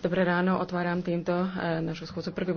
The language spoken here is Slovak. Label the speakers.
Speaker 1: Dobré ráno, otváram týmto eh, našu schôdzu. Prvý bod programu je vyhlásenie